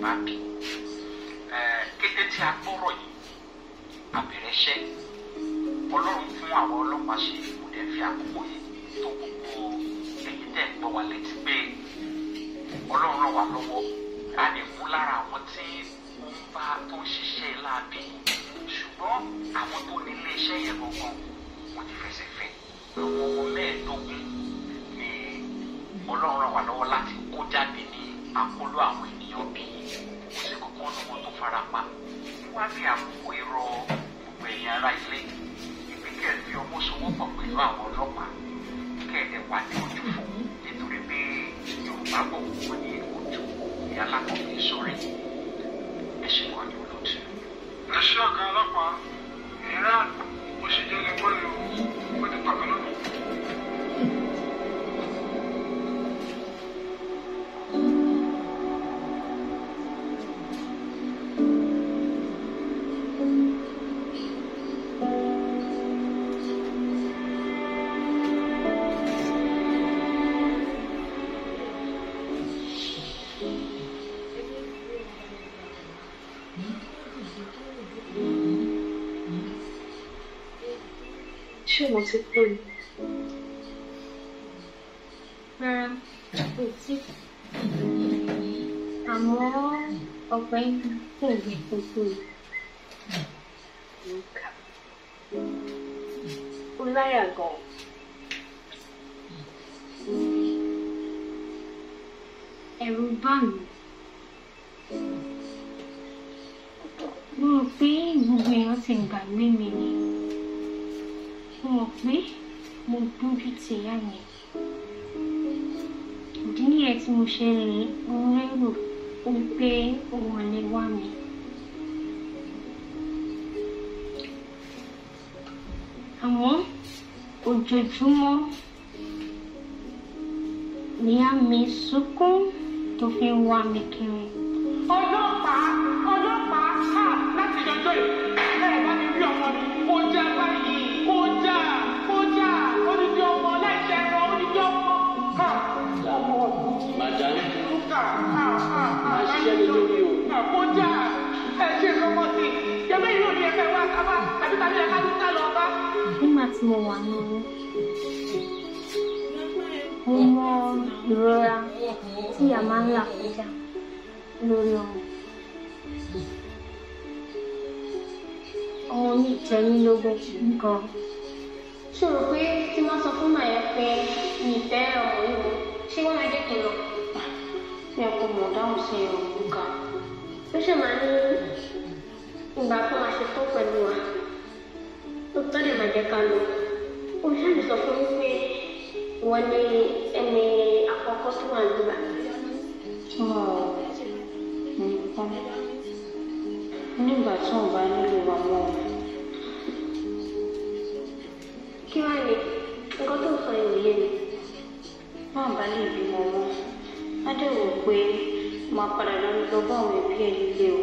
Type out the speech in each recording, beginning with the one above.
maame eh, kété tí a gbọ́rọ̀ yìí abẹ̀rẹ̀ ṣẹ́ ọlọ́run fún àwọn ọlọ́pàá ṣe kò dẹ̀ fi àkókò yìí tó gbogbo èyí tẹ̀ ń gbọ́ wa létí pé ọlọ́run ràn wá lọ́wọ́ a lè mú lára àwọn tí ó ń bá tó ń ṣiṣẹ́ láabi ṣùgbọ́n àwọn tó ní ilé iṣẹ́ yẹn gangan wọ́n ti fẹsẹ̀ fẹ́ àwọn ọmọ mẹ́ẹ̀ẹ́dógún ni ọlọ́run ràn wá lọ́wọ́ láti kó jáde ní akóló àwọn ènìyàn bíi ọ̀kan ọmọ tó fara pa níwájú àkókò ìrọ̀ gbogbo ẹ̀yìn ara ilé ibi kẹ̀sì ọmọ sowọ́pọ̀ pẹ̀lú àwọn ọlọ́pàá kẹ̀ẹ̀dẹ̀ wà ní ojú fún nítorí pé Yorùbá bọ̀ wọ́n ní ojú ìyá lákòókò sórí ẹ̀sìn wọn ni olóòtú. ẹ ṣe ọ̀gá ọlọ́pàá ìran òṣèjọ́ lẹ́gbọ́n rẹ̀ o. não se foi. Amor, alguém teve c o i g c a O Era banho. No fim, o v i n h se n g a n o u em mim. mọ̀ pé mo gbójú ti ìyá mi ìdí nìyẹn tí mo ṣe rìn ń lérò wípé òun lè wá mi. àmọ́ ojoojúmọ́ ni a mi sunkún tó fi ń wá mi kiri. ọlọ́run. nígbà tí mo wà ní oyún mo mọ ìrora tí ìyá máa ń là kọjá lórí ọmọ ọmọ mi jẹ mí lógún gan ṣé o rò pé tí wọ́n sọ fún màyà pé mi fẹ́ ọ̀rọ̀ yìí ṣé wọ́n máa jẹ́ kí n lọ mi ò kò mọ̀ dáhùn sí ẹ̀rọ kan ó ṣe máa ń ìgbà tó máa ṣe tán pẹ̀lú wa ó tọ́ lè máa jẹ́ ká lọ olùṣèlú sọ fún mi pé wọ́n ní ẹni àkọ́kọ́ tó wà nígbà. nǹkan nígbà tí wọ́n bá nílò àwọn ọmọ. kí wàá ní nǹkan tó sọ ìwòye ni wọ́n bá lè bímọ wọn á dẹ̀ wò pé máa padà lọ bá àwọn ẹbí ẹ̀ nílé o.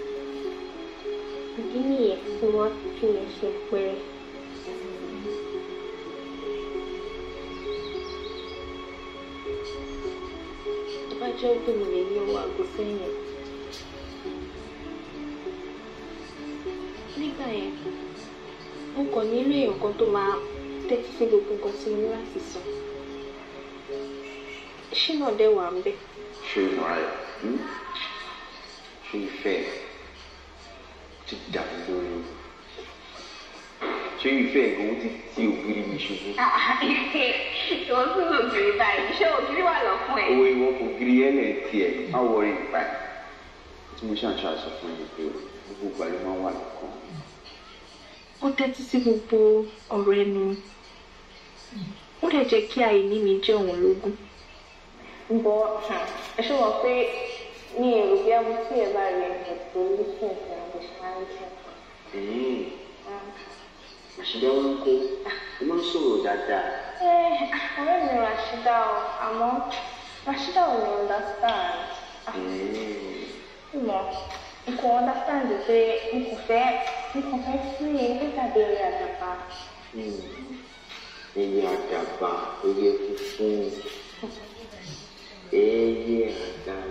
ìdí nìyẹn tí wọ́n fi kí yẹn ṣe pẹ́rẹ́. bá jẹ́ pé mi lè ní owó aago sẹ́yìn. nígbà yẹn mo kàn nílò èèyàn kan tó máa tẹ́tí sí gbogbo nǹkan tí mo láti sọ. ṣínà dẹ̀ wà ń bẹ̀. ṣé ìmọ̀ràn yìí ṣé ìfẹ́ ti dà mí lórí ṣé ìfẹ́ ìgbóhùn ti ti ògiri mi ṣubú. Ah, ah, ìwọ fún ògiri báyìí ṣé ògiri wà lọ́kùn ẹ̀. owó ìwọ kò giri ẹlẹ tiẹ má wọrí nípa tí mo ṣàǹṣà sọ fún mi pé gbogbo ìgbà ló máa wà lọ́kàn. ó tẹ́tí sí gbogbo ọ̀rọ̀ ẹnu ó dẹ̀ jẹ́ kí àìní mi jẹ́ òun lógún. bọ́ ẹ ṣe pé Nie lubiłam cię bardziej niż drugi księżna, bo szłam księżna. Mm. Ṣùgbọ́n kó o máa ń sọ̀rọ̀ dáadáa. Ṣé ọ̀rẹ́ mi Rashida o, àmọ́ Rashida ò ní understand. Ìmọ̀ n kò understand pé n kò fẹ́ n kò fẹ́ sí nígbà bí eré àdàbà. Eré àdàbà, eré funfun, eré àdàbà.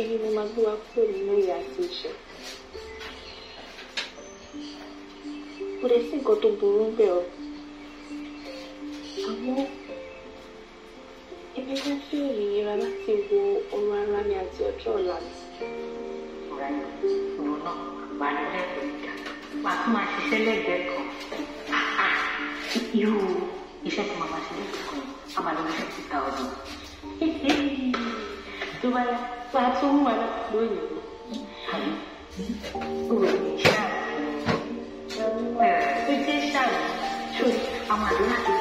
èmi ni máa gbé wa kúrò nínú ìyà àti ìṣẹ́. kò dẹ̀ sí nǹkan tó burú bẹ́ẹ̀ o àmọ́ èmi máa fi òmìnira láti wo ọrọ̀ ara mi àti ọjọ́ ọ̀la mi. ìwọ náà wà ní lẹ́gbẹ̀ẹ́ ìjà wàá tún máa ṣiṣẹ́ lẹ́gbẹ̀ẹ́ kan ah, ah, irú iṣẹ́ tí màmá ṣe lẹ́gbẹ̀ẹ́ kan a máa lọ ṣe síta ọdún tó bá yá. 抓住我了，对。滚上，对，对上，出，阿妈来。